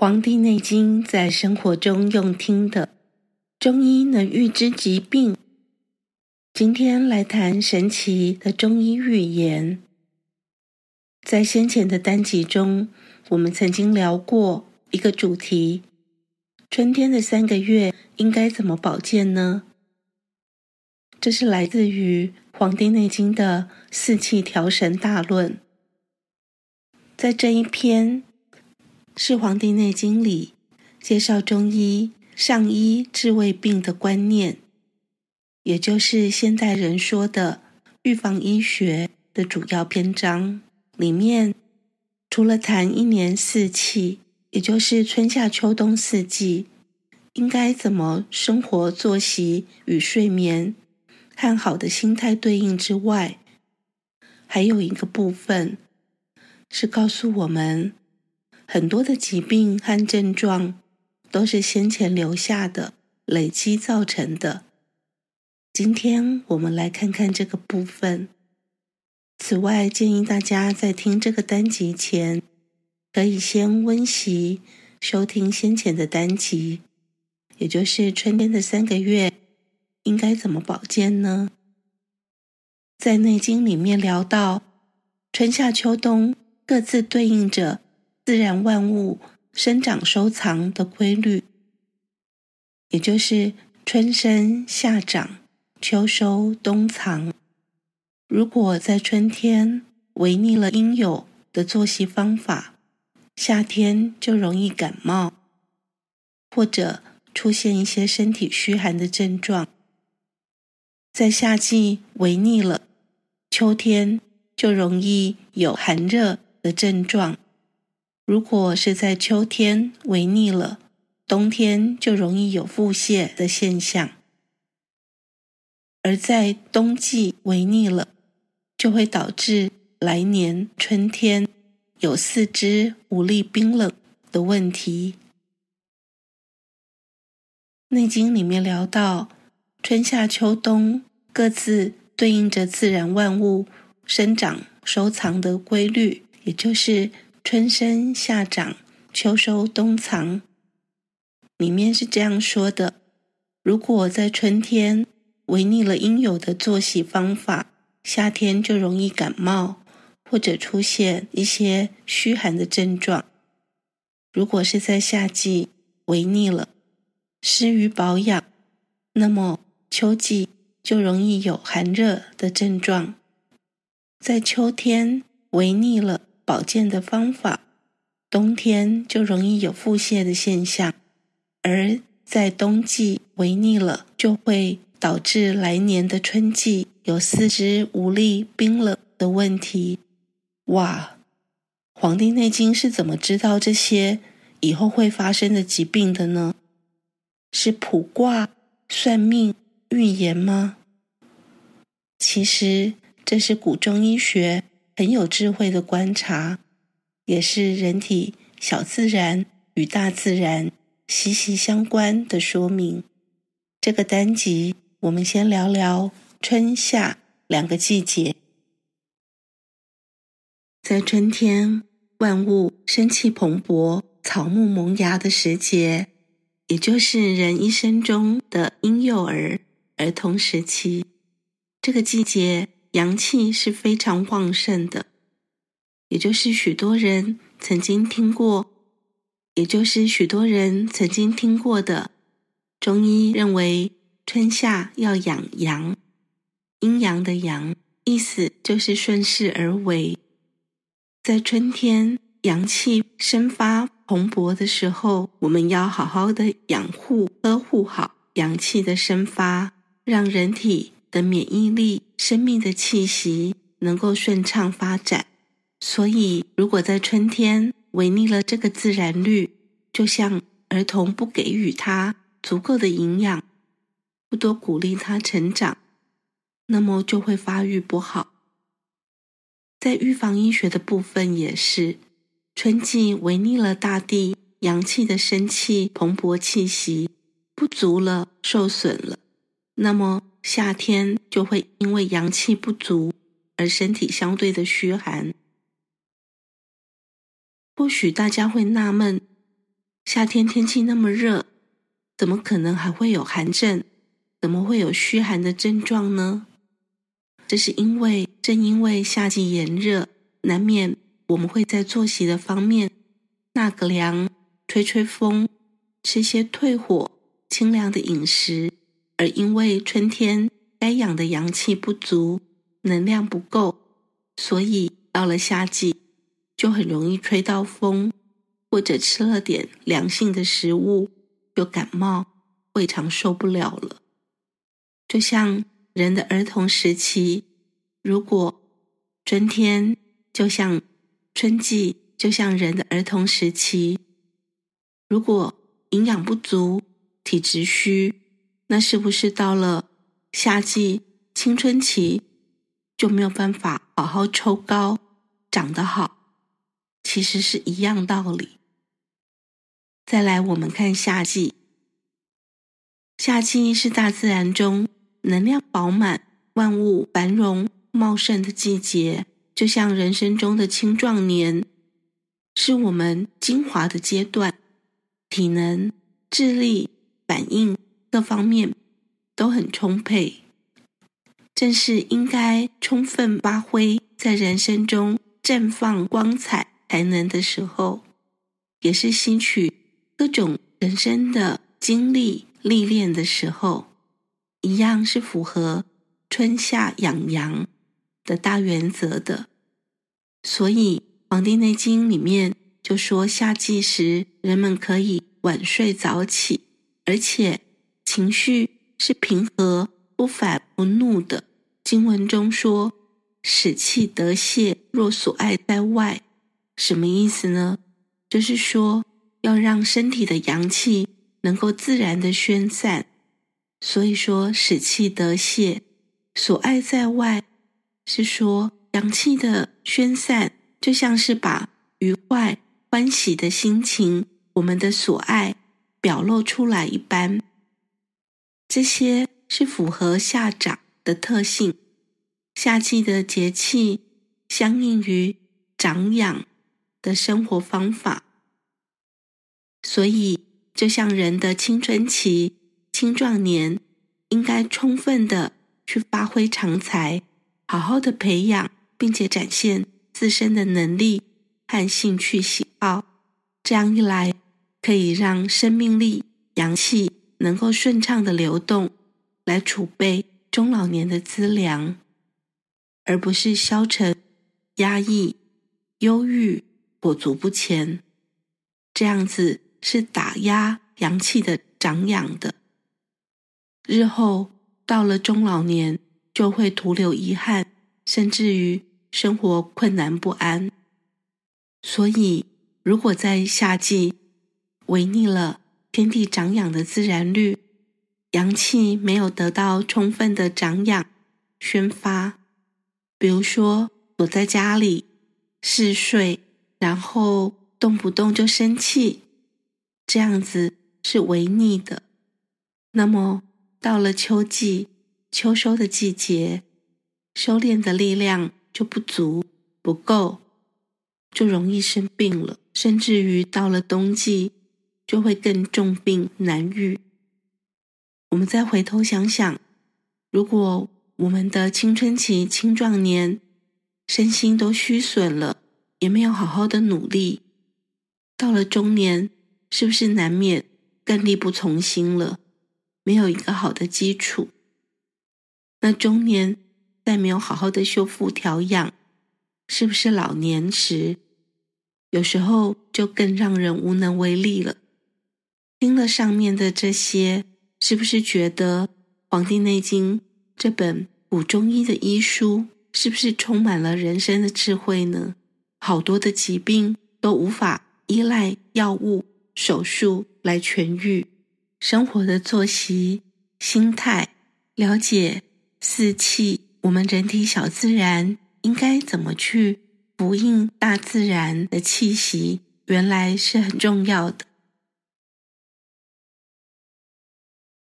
《黃帝內經》在生活中用聽的，中醫能預知疾病。今天來談神奇的中醫預言。在先前的單集中，我們曾經聊過一個主題：春天的三個月應該怎麼保健呢？這是來自於《黃帝內經》的“四氣調神大論”。在這一篇。是《黃帝內經》裡介紹中醫上醫治未病的觀念，也就是現代人說的預防醫學的主要篇章。裡面除了談一年四氣，也就是春夏秋冬四季應該怎麼生活作息與睡眠、看好的心態對應之外，還有一個部分是告訴我們。很多的疾病和症狀都是先前留下的累積造成的。今天我們來看看這個部分。此外，建議大家在聽這個單集前，可以先溫習收聽先前的單集，也就是春天的三個月應該怎麼保健呢？在《內經》裡面聊到，春夏秋冬各自對應着。自然萬物生長收藏的規律，也就是春生、夏長、秋收、冬藏。如果在春天違逆了應有的作息方法，夏天就容易感冒，或者出現一些身體虛寒的症狀。在夏季違逆了，秋天就容易有寒熱的症狀。如果是在秋天違逆了，冬天就容易有腹瀉的現象；而在冬季違逆了，就會導致來年春天有四肢無力、冰冷的問題。《內經》裡面聊到，春夏秋冬各自對應着自然萬物生長、收藏的規律，也就是。春生夏長，秋收冬藏，裡面是這樣說的：如果在春天違逆了應有的作息方法，夏天就容易感冒或者出現一些虛寒的症狀；如果是在夏季違逆了，失於保養，那麼秋季就容易有寒熱的症狀；在秋天違逆了。保健的方法，冬天就容易有腹瀉的現象，而在冬季違逆了，就會導致來年的春季有四肢無力、冰冷的問題。哇，黃帝內經是怎麼知道這些以後會發生的疾病的呢？是卜卦、算命、預言嗎？其實這是古中醫學。很有智慧的觀察，也是人體小自然與大自然息息相關的說明。這個單集，我們先聊聊春夏兩個季節。在春天，萬物生氣蓬勃、草木萌芽的時節，也就是人一生中的嬰幼兒、兒童時期。這個季節。陽氣是非常旺盛的，也就是許多人曾經聽過，也就是許多人曾經聽過的。中醫認為，春夏要養陽，陰陽的陽，意思就是順勢而為。在春天陽氣生發蓬勃的時候，我們要好好的養護、呵護好陽氣的生發，讓人體。的免疫力、生命的氣息能夠順暢發展。所以，如果在春天違逆了這個自然律，就像兒童不給予他足夠的營養，不多鼓勵他成長，那麼就會發育不好。在預防醫學的部分也是，春季違逆了大地陽氣的生氣蓬勃氣息，不足了，受損了，那麼。夏天就會因為陽氣不足而身體相對的虛寒。或許大家會納悶，夏天天氣那麼熱，怎麼可能還會有寒症？怎麼會有虛寒的症狀呢？這是因為，正因為夏季炎熱，難免我們會在作息的方面納個涼、吹吹風、吃一些退火、清涼的飲食。而因為春天該養的陽氣不足，能量不夠，所以到了夏季就很容易吹到風，或者吃了點涼性的食物就感冒，胃腸受不了了。就像人的兒童時期，如果春天就像春季，就像人的兒童時期，如果營養不足，體質虛。那是不是到了夏季青春期，就沒有辦法好好抽高長得好？其實是一樣道理。再來，我們看夏季，夏季是大自然中能量飽滿、萬物繁榮茂盛的季節，就像人生中的青壯年，是我們精華的階段，體能、智力、反應。各方面都很充沛，正是應該充分發揮在人生中綻放光彩才能的時候，也是吸取各種人生的經歷歷練的時候，一樣是符合春夏養陽的大原則的。所以，《黃帝內經》裡面就說，夏季時人們可以晚睡早起，而且。情緒是平和、不煩不怒的。經文中說：“使氣得泄，若所愛在外。”什麼意思呢？就是說，要讓身體的陽氣能夠自然的宣散。所以說，使氣得泄，所愛在外，是說陽氣的宣散，就像是把愉快、歡喜的心情，我們的所愛表露出來一般。這些是符合夏長的特性，夏季的節氣相應於長養的生活方法，所以就像人的青春期、青壯年，應該充分的去發揮長才，好好的培養並且展現自身的能力和興趣喜好，這樣一來可以讓生命力、陽氣，能夠順暢的流動，來儲備中老年的資糧，而不是消沉、壓抑、憂鬱、裹足不前，這樣子是打壓陽氣的長養的。日後到了中老年，就會徒留遺憾，甚至於生活困難不安。所以，如果在夏季違逆了，天地長養的自然律，陽氣沒有得到充分的長養、宣發。比如說，躲在家裡嗜睡，然後動不動就生氣，這樣子是違逆的。那麼，到了秋季，秋收的季節，收斂的力量就不足、不夠，就容易生病了，甚至於到了冬季。就會更重病難愈。我們再回頭想想，如果我們的青春期、青壯年身心都虛損了，也沒有好好的努力，到了中年，是不是難免更力不從心了？沒有一個好的基礎，那中年再沒有好好的修復調養，是不是老年時有時候就更讓人無能為力了？聽了上面的這些，是不是覺得《黃帝內經》這本古中醫的醫書，是不是充滿了人生的智慧呢？好多的疾病都無法依賴藥物、手術來痊癒，生活的作息、心態、了解四氣，我們人體小自然應該怎麼去呼應大自然的氣息，原來是很重要的。